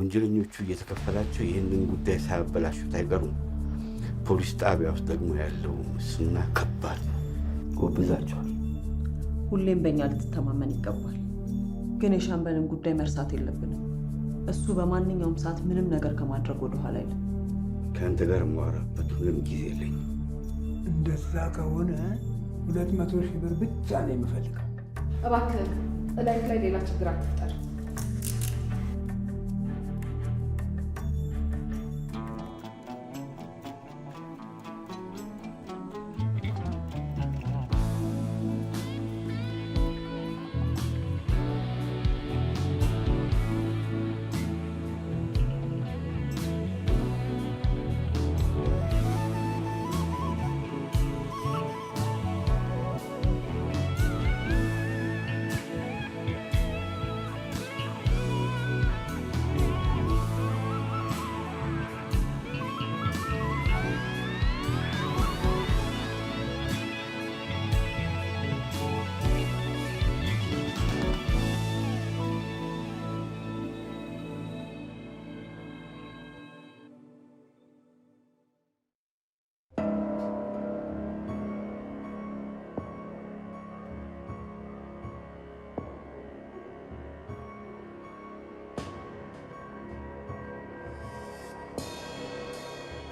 ወንጀለኞቹ እየተከፈላቸው ይህንን ጉዳይ ሳያበላሹት አይቀሩም። ፖሊስ ጣቢያ ውስጥ ደግሞ ያለው ሙስና ከባድ ነው። ጎብዛቸዋል። ሁሌም በእኛ ልትተማመን ይገባል። ግን የሻምበልን ጉዳይ መርሳት የለብንም። እሱ በማንኛውም ሰዓት ምንም ነገር ከማድረግ ወደኋላ አይልም። ከአንተ ጋር የማወራበት ምንም ጊዜ የለኝም። እንደዛ ከሆነ ሁለት መቶ ሺህ ብር ብቻ ነው የምፈልገው። እባክህ እላይ ላይ ሌላ ችግር አትፍጠር።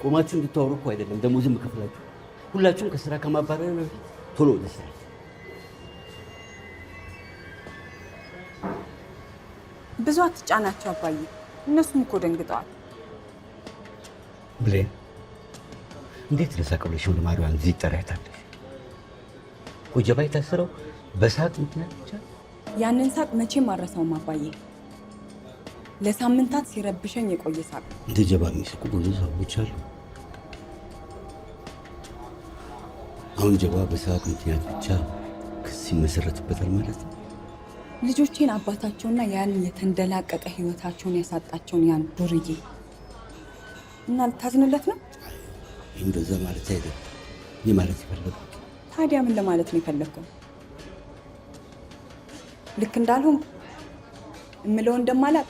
ቁማችሁ እንድታወሩ እኮ አይደለም ደሞዝ የምከፍላችሁ። ሁላችሁም ከስራ ከማባረር በፊት ቶሎ ወደ ስራ። ብዙ አትጫናቸው አባዬ፣ እነሱም እኮ ደንግጠዋል። ብሌን እንዴት ለሳቅ ብለሽ ወደ ማሪዋን እዚህ ጠሪያታለሽ? ኮጀባ የታሰረው በሳቅ ምክንያት ብቻ። ያንን ሳቅ መቼም አረሳውም አባዬ። ለሳምንታት ሲረብሸኝ የቆየ ሳቅ። እንደ ጀባ የሚስቁ ብዙ ሰዎች አሉ። አሁን ጀባ በሰዓት ምክንያት ብቻ ክስ ይመሰረትበታል ማለት ነው። ልጆቼን አባታቸውና ያን የተንደላቀቀ ህይወታቸውን ያሳጣቸውን ያን ዱርዬ እና ልታዝንለት ነው? እንደዛ ማለት አይደለም። ይህ ማለት የፈለጉት ታዲያ ምን ለማለት ነው የፈለግከው? ልክ እንዳልሆን እምለው እንደማላቅ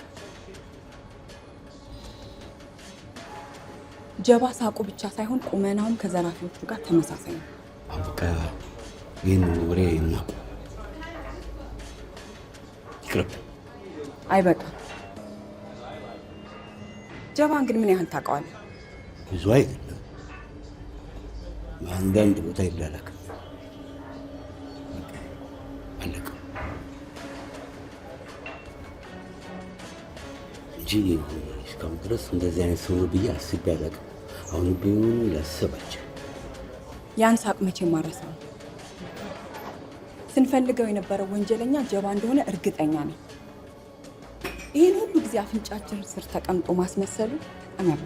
ጀባ ሳቁ ብቻ ሳይሆን ቁመናውም ከዘራፊዎቹ ጋር ተመሳሳይ ነው። በቃ ይህን ወሬ ይናቁ፣ ይቅርብ። አይ ጀባን ግን ምን ያህል ታውቀዋለህ? ብዙ አይደለም፣ በአንዳንድ ቦታ ይላላክ እንጂ እስካሁን ድረስ እንደዚህ አይነት ሰው ነው ብዬ አስቤ አላውቅም። አሁን ቢሆን ላስባቸው ያን ሳቅ መቼ ማረሳ ስንፈልገው የነበረው ወንጀለኛ ጀባ እንደሆነ እርግጠኛ ነው። ይህን ሁሉ ጊዜ አፍንጫችን ስር ተቀምጦ ማስመሰሉ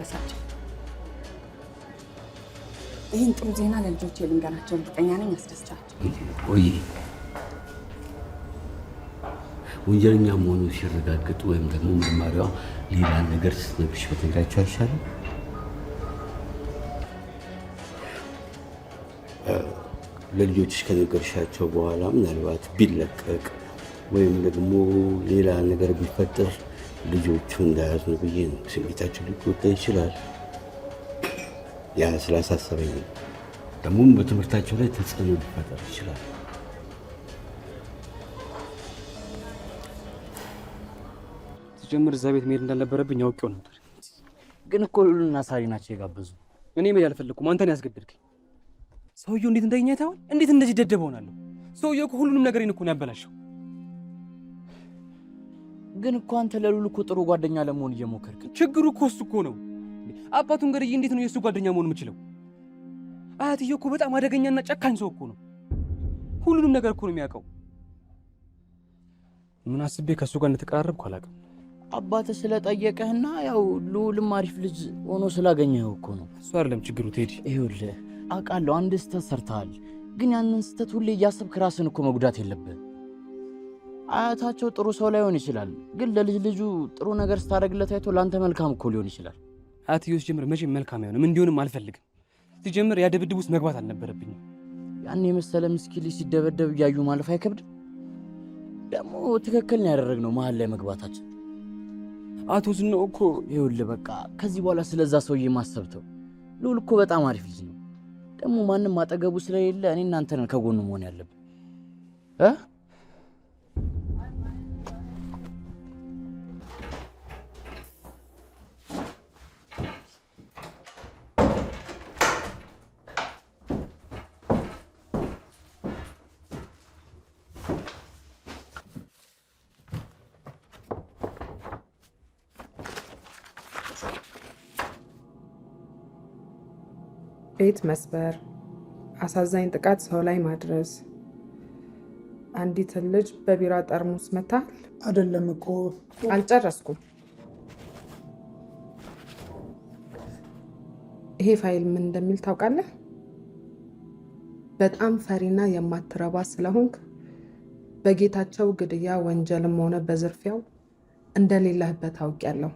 በጣም ይህን ጥሩ ዜና ለልጆች የልንገናቸው እርግጠኛ ነኝ ያስደስቻቸው። ቆይ ወንጀለኛ መሆኑ ሲረጋገጡ ወይም ደግሞ መማሪዋ ሌላ ነገር ስትነግርሽ በትግራቸው አይሻልም? ለልጆችሽ ከነገርሻቸው በኋላ ምናልባት ቢለቀቅ ወይም ደግሞ ሌላ ነገር ቢፈጠር ልጆቹ እንዳያዝኑ ብዬ ነው። ስሜታቸው ሊጎዳ ይችላል። ያ ስላሳሰበኝ ነው። ደግሞም በትምህርታቸው ላይ ተጽዕኖ ሊፈጠር ይችላል። ጀምር እዛ ቤት መሄድ እንዳልነበረብኝ አውቄው ነበር። ግን እኮ ሉሉና ሳሪ ናቸው የጋበዙ። እኔ መሄድ አልፈለኩም። አንተን ያስገድድከኝ ሰውየው እንዴት እንደኛ አይተኸዋል? እንዴት እንደዚህ ደደብ ሆናለሁ? ሰውየው እኮ ሁሉንም ነገሬን እኮ ነው ያበላሸው። ግን እኮ አንተ ለሉል እኮ ጥሩ ጓደኛ ለመሆን እየሞከርክ ችግሩ እኮ እሱ እኮ ነው። አባቱን ገርዬ እንዴት ነው የእሱ ጓደኛ መሆን የምችለው? አያትዬ እኮ በጣም አደገኛና ጨካኝ ሰው እኮ ነው። ሁሉንም ነገር እኮ ነው የሚያውቀው። ምን አስቤ ከእሱ ጋር እንደተቀራረብኩ አላውቅም። አባተ ስለጠየቀህና ያው ልዑልም አሪፍ ልጅ ሆኖ ስላገኘው እኮ ነው። እሱ አይደለም ችግሩ ቴዲ፣ ይኸውልህ አውቃለሁ አንድ ስህተት ሰርተሃል፣ ግን ያንን ስህተት ሁሌ እያሰብክ ራስን እኮ መጉዳት የለብህ። አያታቸው ጥሩ ሰው ላይሆን ይችላል፣ ግን ለልጅ ልጁ ጥሩ ነገር ስታደርግለት አይቶ ለአንተ መልካም እኮ ሊሆን ይችላል። አያትዮስ ጀምር መቼም መልካም አይሆንም፣ እንዲሆንም አልፈልግም። ሲጀምር ያ ድብድብ ውስጥ መግባት አልነበረብኝም። ያን የመሰለ ምስኪን ልጅ ሲደበደብ እያዩ ማለፍ አይከብድም? ደግሞ ትክክል ነው ያደረግነው መሀል ላይ መግባታችን። አቶ ዝናው እኮ ይኸውልህ፣ በቃ ከዚህ በኋላ ስለዛ ሰውዬ ማሰብተው ልውል እኮ በጣም አሪፍ ልጅ ነው። ደግሞ ማንም አጠገቡ ስለሌለ እኔ እናንተ ነን ከጎኑ መሆን ያለብን። ቤት መስበር፣ አሳዛኝ ጥቃት ሰው ላይ ማድረስ። አንዲትን ልጅ በቢራ ጠርሙስ መታል። አይደለም እኮ አልጨረስኩም። ይሄ ፋይል ምን እንደሚል ታውቃለህ? በጣም ፈሪና የማትረባ ስለሆንክ በጌታቸው ግድያ ወንጀልም ሆነ በዝርፊያው እንደሌለህበት አውቄያለሁ።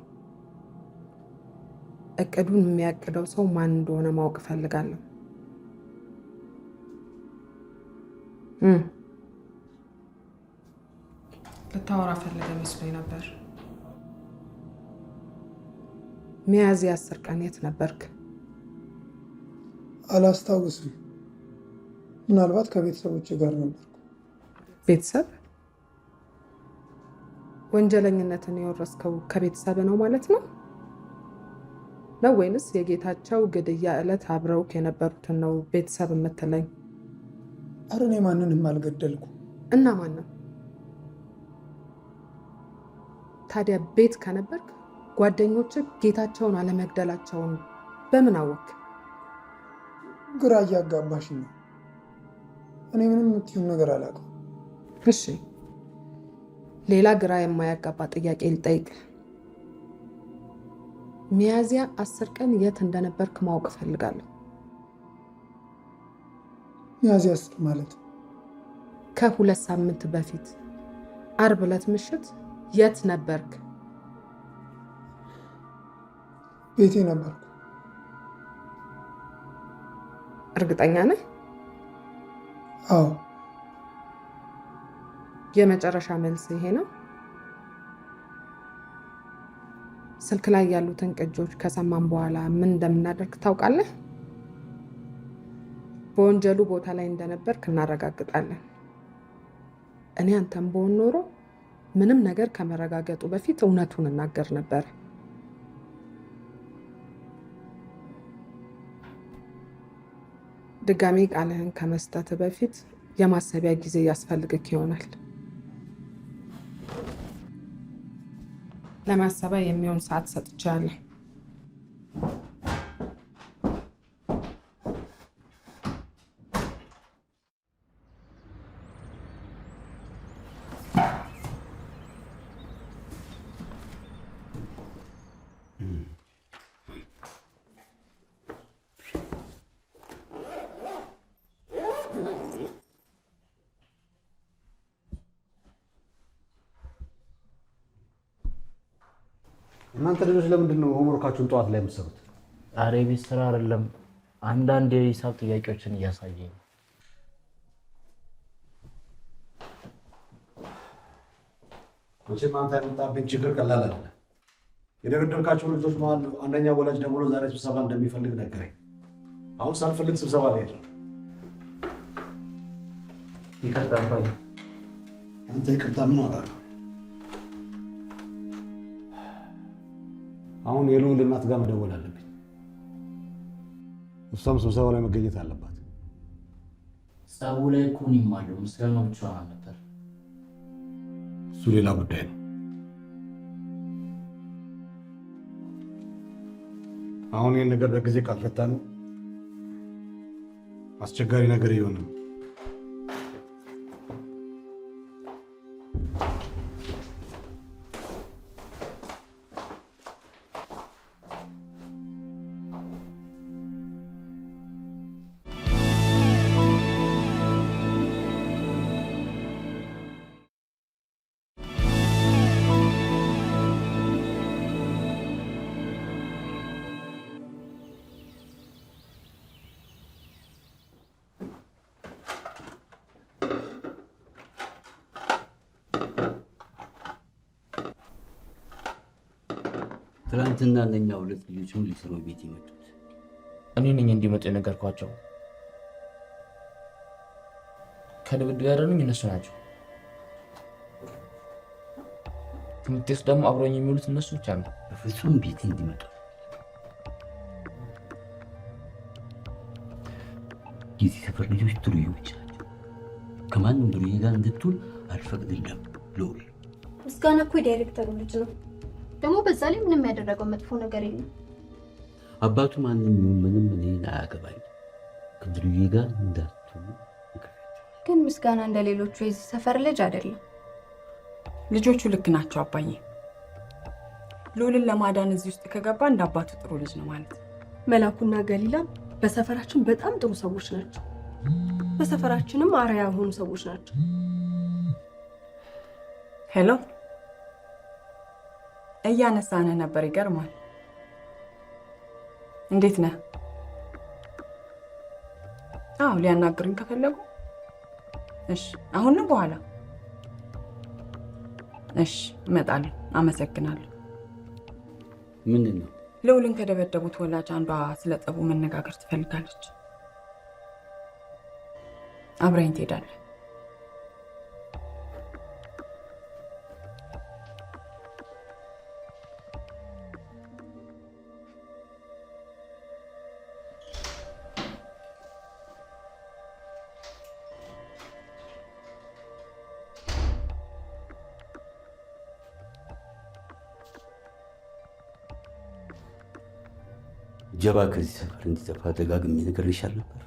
እቅዱን የሚያቅደው ሰው ማን እንደሆነ ማወቅ እፈልጋለሁ። ልታወራ ፈልገ መስሎኝ ነበር። ሚያዝያ አስር ቀን የት ነበርክ? አላስታውስም። ምናልባት ከቤተሰቦች ጋር ነበርኩ። ቤተሰብ? ወንጀለኝነትን የወረስከው ከቤተሰብ ነው ማለት ነው? ነው ወይንስ የጌታቸው ግድያ ዕለት አብረው የነበሩትን ነው ቤተሰብ የምትለኝ? ኧረ እኔ ማንንም አልገደልኩ። እና ማን ነው ታዲያ? ቤት ከነበርክ ጓደኞች ጌታቸውን አለመግደላቸውን በምን አወቅ? ግራ እያጋባሽ ነው። እኔ ምንም የምትይው ነገር አላውቅም። እሺ ሌላ ግራ የማያጋባ ጥያቄ ልጠይቅ። ሚያዚያ አስር ቀን የት እንደነበርክ ማወቅ እፈልጋለሁ። ሚያዚያ አስር ማለት ከሁለት ሳምንት በፊት አርብ ዕለት ምሽት የት ነበርክ? ቤቴ ነበርኩ። እርግጠኛ ነህ? አዎ። የመጨረሻ መልስ ይሄ ነው። ስልክ ላይ ያሉትን ቅጆች ከሰማን በኋላ ምን እንደምናደርግ ታውቃለህ? በወንጀሉ ቦታ ላይ እንደነበርክ እናረጋግጣለን። እኔ አንተም በሆን ኖሮ ምንም ነገር ከመረጋገጡ በፊት እውነቱን እናገር ነበር። ድጋሜ ቃልህን ከመስጠት በፊት የማሰቢያ ጊዜ ያስፈልግክ ይሆናል። ለማሰቢያ የሚሆን ሰዓት ሰጥቻለሁ። እናንተ ልጆች ለምንድን ነው ሆምወርካችሁን ጠዋት ላይ የምትሰሩት? አረ ቤት ስራ አይደለም፣ አንዳንድ የሂሳብ ጥያቄዎችን እያሳየኝ ነው። መቼም አንተ ያመጣብኝ ችግር ቀላል አይደለም። የደበደብካቸው ልጆች መሀል አንደኛ ወላጅ ደውሎ ዛሬ ስብሰባ እንደሚፈልግ ነገረኝ። አሁን ሳልፈልግ ስብሰባ ላይ ሄደ። ይቅርታ አንተ ይቅርታ ምን አሁን የልዑል እናት ጋር መደወል አለብኝ። እሷም ስብሰባ ላይ መገኘት አለባት። ጸቡ ላይ እኮ እኔም አለሁ። ምስጋና ብቻ ነበር። እሱ ሌላ ጉዳይ ነው። አሁን ይህን ነገር በጊዜ ካልፈታ ነው አስቸጋሪ ነገር ይሆናል። ትላንትና ለእኛ ሁለት ልጆች ምን ሊሰሩ ቤት የመጡት? እኔ ነኝ እንዲመጡ የነገርኳቸው። ከድብድብ ያደረጉኝ እነሱ ናቸው። ትምህርቴስ ደግሞ አብረኝ የሚውሉት እነሱ ብቻ ነው። በፍጹም ቤት እንዲመጡ የዚህ ሰፈር ልጆች ዱርዬዎች ናቸው። ከማንም ዱርዬ ጋር እንድትውል አልፈቅድልም። ልውል ምስጋና እኮ ዳይሬክተሩ ልጅ ነው። ደግሞ በዛ ላይ ምንም ያደረገው መጥፎ ነገር የለም። አባቱ ማንም ምንም እኔን አያገባኝ። ከድሩዬ ጋር እንዳቱ ግን ምስጋና እንደ ሌሎቹ የዚህ ሰፈር ልጅ አይደለም። ልጆቹ ልክ ናቸው አባዬ። ሉልን ለማዳን እዚህ ውስጥ ከገባ እንደ አባቱ ጥሩ ልጅ ነው ማለት ነው። መላኩና ገሊላም በሰፈራችን በጣም ጥሩ ሰዎች ናቸው። በሰፈራችንም አርአያ የሆኑ ሰዎች ናቸው። ሄሎ እያነሳነህ ነበር። ይገርማል። እንዴት ነህ? አዎ፣ ሊያናግሩኝ ከፈለጉ እሺ። አሁን ነው በኋላ? እሺ፣ እመጣለሁ። አመሰግናለሁ። ምንድን ነው? ልውልን ከደበደቡት ወላጅ አንዷ ስለ ጠቡ መነጋገር ትፈልጋለች። አብረኝ ትሄዳለህ? እንዲገባ ከዚህ ሰፈር እንዲጠፋ ደጋግሜ ነግሬሻል ነበር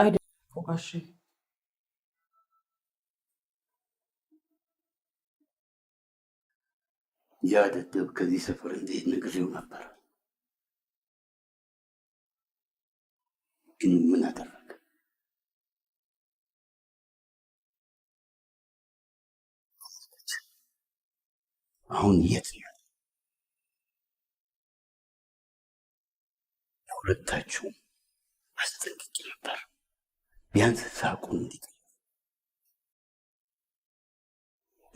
አይደል ጋሼ? ያ ደደብ ከዚህ ሰፈር እንዴት ነግሬው ነበር፣ ግን ምን አደረገ? አሁን የት ነው? ሁለታችሁ አስጠንቅቄ ነበር። ቢያንስ ሳቁን እንዲቀ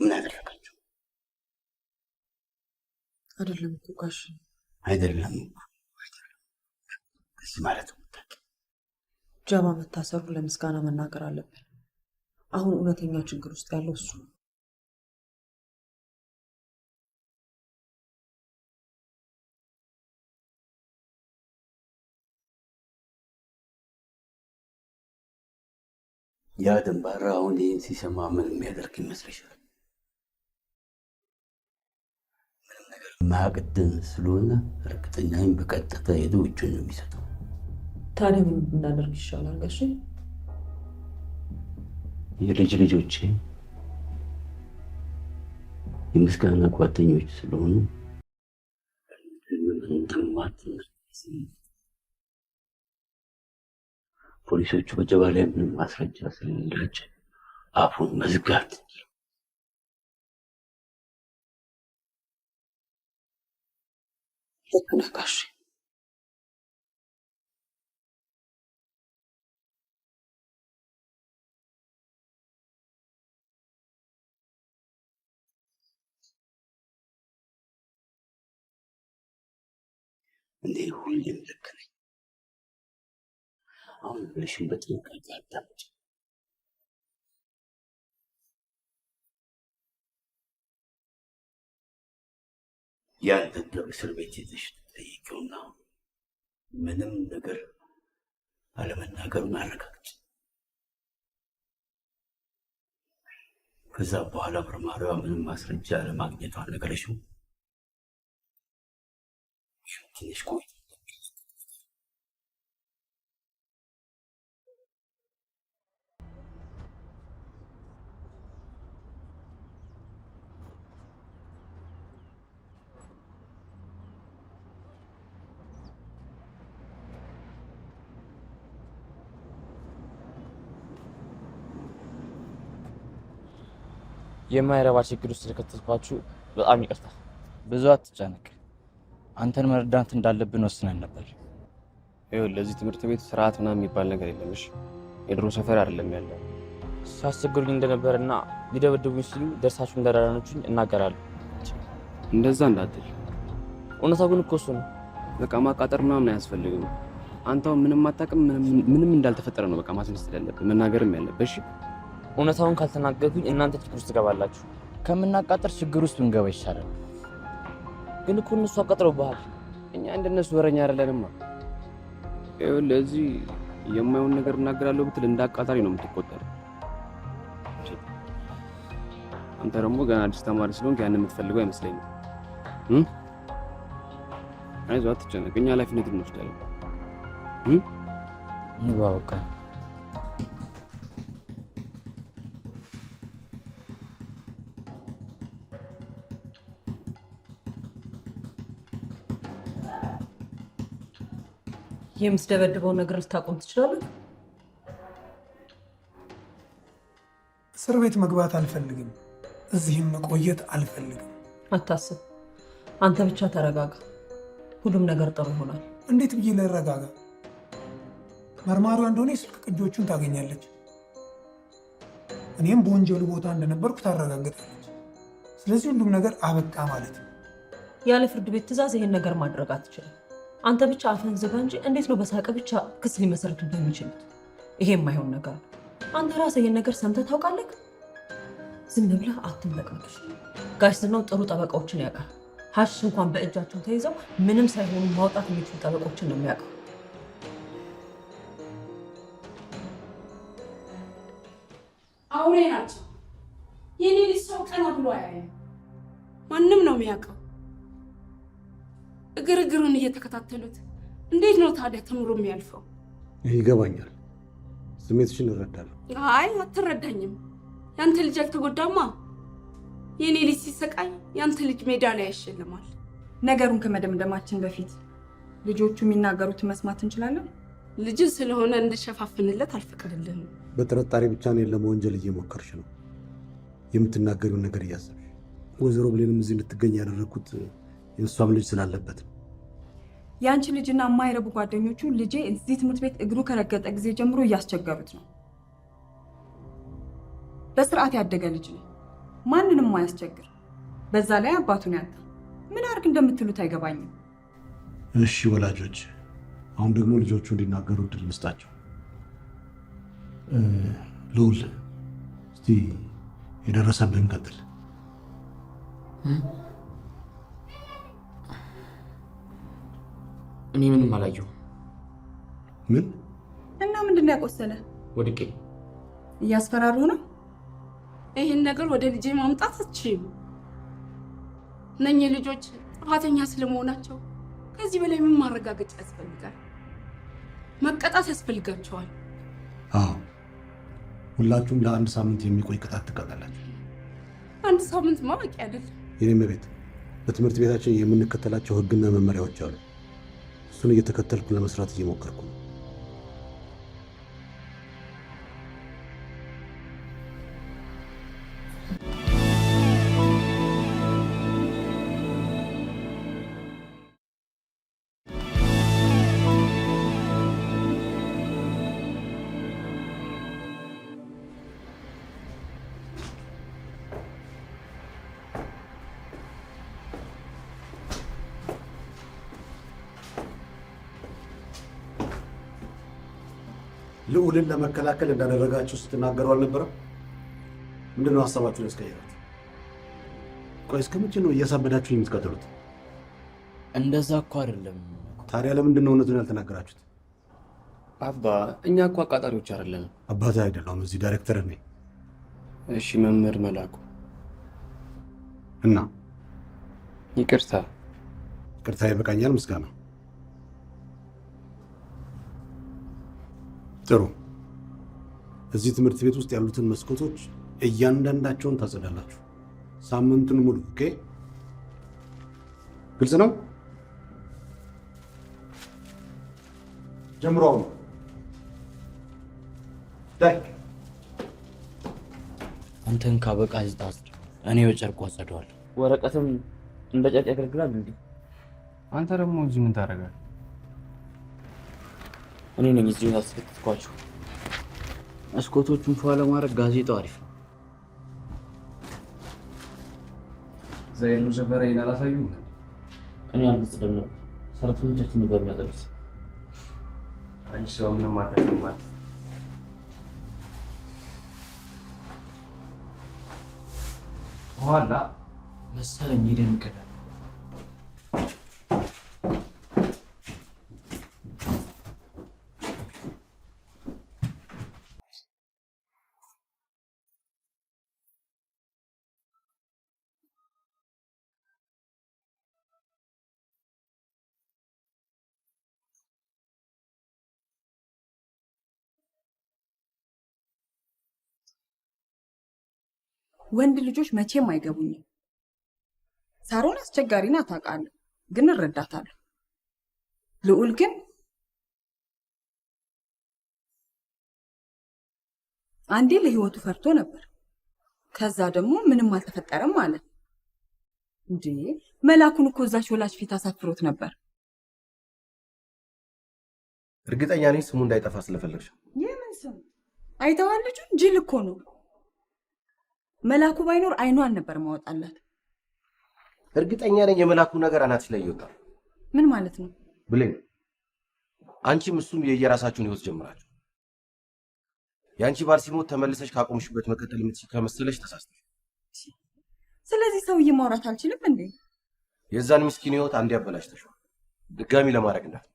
ምን አደረጋችሁ? አይደለም እኮ ጋሽ አይደለም እዚህ ማለት ጃማ መታሰሩ ለምስጋና መናገር አለብን። አሁን እውነተኛ ችግር ውስጥ ያለው እሱ ነው። ያ ደንባራ አሁን ይህን ሲሰማ ምን የሚያደርግ ይመስለሻል? ምንም ነገር ማያቅድን ስለሆነ እርግጠኛም በቀጥታ ሄዶ እጁን ነው የሚሰጠው። ታዲያ ምን እናደርግ ይሻላል ጋሽ? የልጅ ልጆቼ የምስጋና ጓደኞች ስለሆኑ ምንም ፖሊሶቹ በጀባ ላይ ምንም ማስረጃ ስለሌላቸው አፉን መዝጋት ልክ ነህ ጋሼ። ሁሌም ልክ ነኝ። አሁን ብለሽን በጥንቃቄ አዳምጪ። ያንተን እስር ቤት ይዘሽ ትጠይቂውና ምንም ነገር አለመናገሩን አረጋግጭ። ከዛ በኋላ መርማሪዋ ምንም ማስረጃ አለማግኘቷን ነገረሽው። ትንሽ ቆይ የማይረባ ችግር ውስጥ የከተትኳችሁ በጣም ይቀርታል። ብዙ አትጨነቅ። አንተን መርዳት እንዳለብን ወስነን ነበር። ይኸው ለዚህ ትምህርት ቤት ስርዓት ምናምን የሚባል ነገር የለምሽ። የድሮ ሰፈር አይደለም ያለ ሲያስቸግሩኝ እንደነበር እና ሊደበድቡኝ ሲሉ ደርሳችሁ እንደራራኖችኝ እናገራለሁ። እንደዛ እንዳትል። እውነታ ግን እኮ እሱ ነው። በቃ ማቃጠር ምናምን አያስፈልግም። አንተው ምንም አታውቅም፣ ምንም እንዳልተፈጠረ ነው በቃ ማስነስል ያለብህ መናገርም ያለብህ እውነታውን ካልተናገርኩኝ እናንተ ችግር ውስጥ ትገባላችሁ። ከምናቃጥር ችግር ውስጥ ብንገባ ይሻላል። ግን እኮ እነሱ አቃጥለውብሃል። እኛ እንደነሱ ወረኛ አይደለንማ። ለዚህ የማይሆን ነገር እናገራለሁ ብትል እንደ አቃጣሪ ነው የምትቆጠር አንተ ደግሞ ገና አዲስ ተማሪ ስለሆንክ ያን የምትፈልገው አይመስለኝም። አይዞህ፣ አትጨነቅ። እኛ ኃላፊነት እንወስዳለን። በቃ የምትደበድበውን ነገር ልታቆም ትችላለህ? እስር ቤት መግባት አልፈልግም። እዚህም መቆየት አልፈልግም። አታስብ። አንተ ብቻ ተረጋጋ። ሁሉም ነገር ጥሩ ይሆናል። እንዴት ብዬ ልረጋጋ? መርማሪዋ እንደሆነ የስልክ ቅጂዎቹን ታገኛለች። እኔም በወንጀሉ ቦታ እንደነበርኩ ታረጋግጣለች። ስለዚህ ሁሉም ነገር አበቃ ማለት ነው። ያለ ፍርድ ቤት ትዕዛዝ ይሄን ነገር ማድረግ አትችልም። አንተ ብቻ አፍህን ዝጋ እንጂ እንዴት ነው በሳቅ ብቻ ክስ ሊመሰርቱብህ የሚችሉት? ይሄ የማይሆን ነገር። አንተ ራስህ ይሄን ነገር ሰምተህ ታውቃለህ? ዝም ብለህ አትመቃቅሽ። ጋሽ ዝናው ጥሩ ጠበቃዎችን ያውቃል። ሀሽ እንኳን በእጃቸው ተይዘው ምንም ሳይሆኑ ማውጣት የሚችሉ ጠበቆችን ነው የሚያውቀው። አውሬ ናቸው። የኔ ልጅ ሰው ቀና ብሎ አያየ ማንም ነው የሚያውቀው እግርግሩን እየተከታተሉት እንዴት ነው ታዲያ ተምሮ የሚያልፈው? ይገባኛል፣ ስሜትሽን እረዳለሁ። አይ አትረዳኝም። ያንተ ልጅ አልተጎዳማ። የእኔ ልጅ ሲሰቃይ ያንተ ልጅ ሜዳሊያ ያሸልማል። ነገሩን ከመደምደማችን በፊት ልጆቹ የሚናገሩትን መስማት እንችላለን። ልጅ ስለሆነ እንድሸፋፍንለት አልፈቅድልህም። በጥርጣሬ ብቻ እኔን ለመወንጀል እየሞከርሽ ነው። የምትናገሪውን ነገር እያሰብሽ፣ ወይዘሮ ብሌንም እዚህ እንድትገኝ ያደረግኩት የእሷም ልጅ ስላለበት ነው። ያንቺ ልጅና የማይረቡ ጓደኞቹ ልጄ እዚህ ትምህርት ቤት እግሩ ከረገጠ ጊዜ ጀምሮ እያስቸገሩት ነው። በስርዓት ያደገ ልጅ ነው፣ ማንንም ማያስቸግር በዛ ላይ አባቱን ያጣ። ምን አድርግ እንደምትሉት አይገባኝም። እሺ ወላጆች፣ አሁን ደግሞ ልጆቹ እንዲናገሩ እድል እንስጣቸው። ልዑል፣ እስቲ የደረሰብህን ቀጥል። እኔ ምንም አላየሁ። ምን እና ምንድን ነው ያቆሰለ? ወድቄ። እያስፈራሩ ነው። ይህን ነገር ወደ ልጄ ማምጣት አትችይም። እነኚህ ልጆች ጥፋተኛ ስለመሆናቸው ከዚህ በላይ ምን ማረጋገጫ ያስፈልጋል? መቀጣት ያስፈልጋቸዋል። አዎ፣ ሁላችሁም ለአንድ ሳምንት የሚቆይ ቅጣት ትቀጣላችሁ። አንድ ሳምንት ማወቂ አይደለም። የኔ መቤት፣ በትምህርት ቤታችን የምንከተላቸው ህግና መመሪያዎች አሉ። እሱን እየተከተልኩ ለመስራት እየሞከርኩ ነው። ለመከላከል እንዳደረጋችሁ ስትናገሩ አልነበረም? ምንድነው ሀሳባችሁን ያስቀየራት? ቆይ እስከ መቼ ነው እያሳበዳችሁ የምትቀጥሉት? እንደዛ እኮ አይደለም። ታዲያ ለምንድን ነው እውነቱን ያልተናገራችሁት? አባ እኛ እኮ አቃጣሪዎች አይደለም። አባት አይደለሁም፣ እዚህ ዳይሬክተር ነኝ። እሺ መምህር መላኩ እና ይቅርታ ቅርታ ይበቃኛል። ምስጋና ጥሩ እዚህ ትምህርት ቤት ውስጥ ያሉትን መስኮቶች እያንዳንዳቸውን ታጸዳላችሁ ሳምንቱን ሙሉ። ኦኬ፣ ግልጽ ነው። ጀምሮ አንተን ካበቃ ዝጣስ እኔ በጨርቁ አጸደዋል። ወረቀትም እንደ ጨርቅ ያገለግላል እንዲ አንተ ደግሞ እዚህ ምን ታደርጋለህ? እኔ ነኝ እዚህ አስከትትኳችሁ እስኮቶቹን ፏ ለማድረግ ጋዜጣው አሪፍ ነው። ዘይኑ ሰፈረ ይናላሳዩ እኔ አንተ ደግሞ ነው ሰራተኞቻችን ነው በሚያደርስ አንቺ ሰው ምን አታውቅም ማለት ኋላ መሰለኝ ሄደን ወንድ ልጆች መቼም አይገቡኝም። ሳሮን አስቸጋሪ ናት አውቃለሁ፣ ግን እረዳታለሁ። ልዑል ግን አንዴ ለህይወቱ ፈርቶ ነበር። ከዛ ደግሞ ምንም አልተፈጠረም አለ። እንዴ መላኩን እኮ እዛች ወላጅ ፊት አሳፍሮት ነበር። እርግጠኛ ነኝ ስሙ እንዳይጠፋ ስለፈለግሽ። የምን ስሙ አይተዋል? ልጁን ጅል እኮ ነው። መላኩ ባይኖር አይኗን ነበር ማወጣላት። እርግጠኛ ነኝ የመላኩ ነገር አናት ላይ ይወጣል። ምን ማለት ነው? ብሌን፣ አንቺም እሱም የየራሳችሁን ህይወት ጀምራችሁ የአንቺ ባል ሲሞት ተመልሰሽ ካቆምሽበት መቀጠል የምትችል ከመሰለሽ ተሳስተሽ። ስለዚህ ሰውዬ ማውራት አልችልም እንዴ? የዛን ምስኪን ህይወት አንድ ያበላሽተሽዋል። ድጋሚ ለማድረግ እንዳት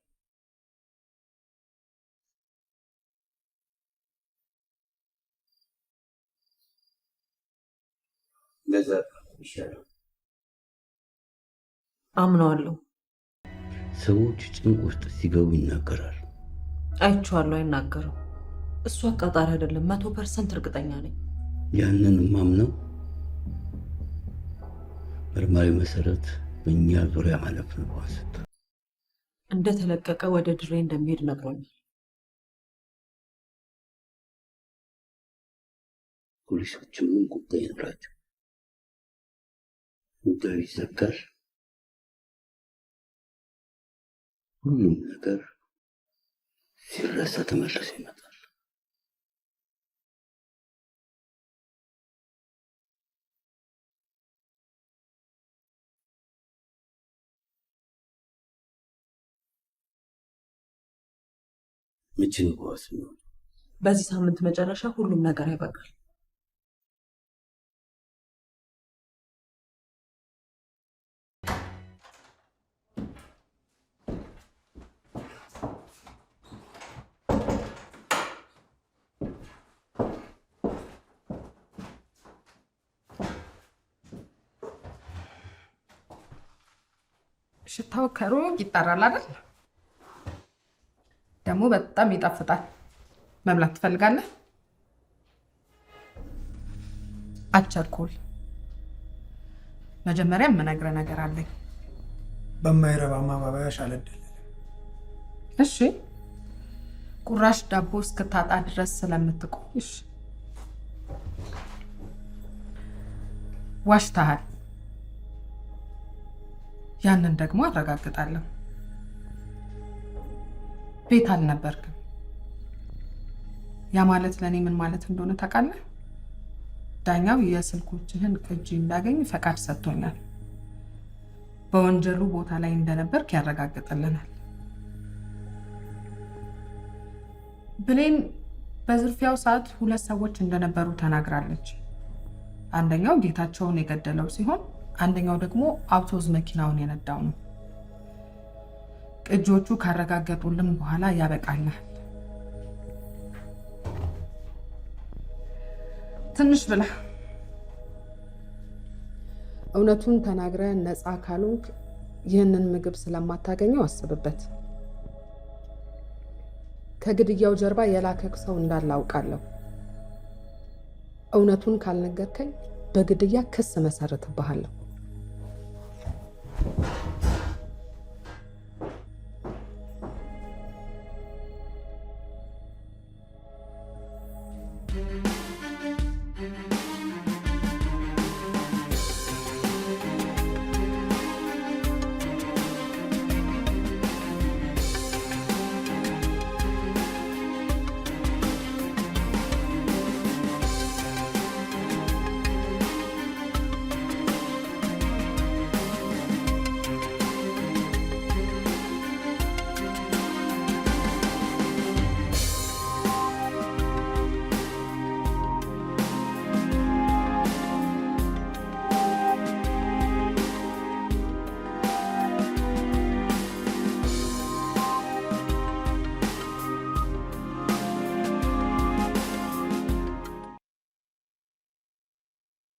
አምነዋለሁ። ሰዎች ጭንቅ ውስጥ ሲገቡ ይናገራል። አይቼዋለሁ። አይናገርም። እሱ አቃጣሪ አይደለም። መቶ ፐርሰንት እርግጠኛ ነኝ። ያንን ማምነው መርማሪ መሰረት በእኛ ዙሪያ ማለፍ ነው። እንደተለቀቀ ወደ ድሬ እንደሚሄድ ነግሮኛል። ፖሊሶች ምን ጉዳይ ይኖራቸው? ጉዳዩ ይዘጋል። ሁሉም ነገር ሲረሳ ተመልሶ ይመጣል። ምችን በዚህ ሳምንት መጨረሻ ሁሉም ነገር አይበቃል። ሽታው ከሩቅ ይጠራል አይደል? ደግሞ በጣም ይጣፍጣል። መብላት ትፈልጋለህ? አቸርኩል። መጀመሪያ የምነግርህ ነገር አለኝ። በማይረባ ማባበያሽ አልደለለም። እሺ፣ ቁራሽ ዳቦ እስክታጣ ድረስ ስለምትቆይሽ ዋሽተሃል። ያንን ደግሞ አረጋግጣለሁ። ቤት አልነበርክም። ያ ማለት ለእኔ ምን ማለት እንደሆነ ታውቃለህ? ዳኛው የስልኮችህን ቅጂ እንዳገኝ ፈቃድ ሰጥቶኛል። በወንጀሉ ቦታ ላይ እንደነበርክ ያረጋግጥልናል። ብሌን በዝርፊያው ሰዓት ሁለት ሰዎች እንደነበሩ ተናግራለች። አንደኛው ጌታቸውን የገደለው ሲሆን አንደኛው ደግሞ አብቶዝ መኪናውን የነዳው ነው። ቅጂዎቹ ካረጋገጡልን በኋላ ያበቃልናል። ትንሽ ብላ እውነቱን ተናግረ ነፃ ካሉንክ ይህንን ምግብ ስለማታገኘው አስብበት። ከግድያው ጀርባ የላከክ ሰው እንዳላውቃለሁ እውነቱን ካልነገርከኝ በግድያ ክስ መሰርትብሃለሁ። Thank you.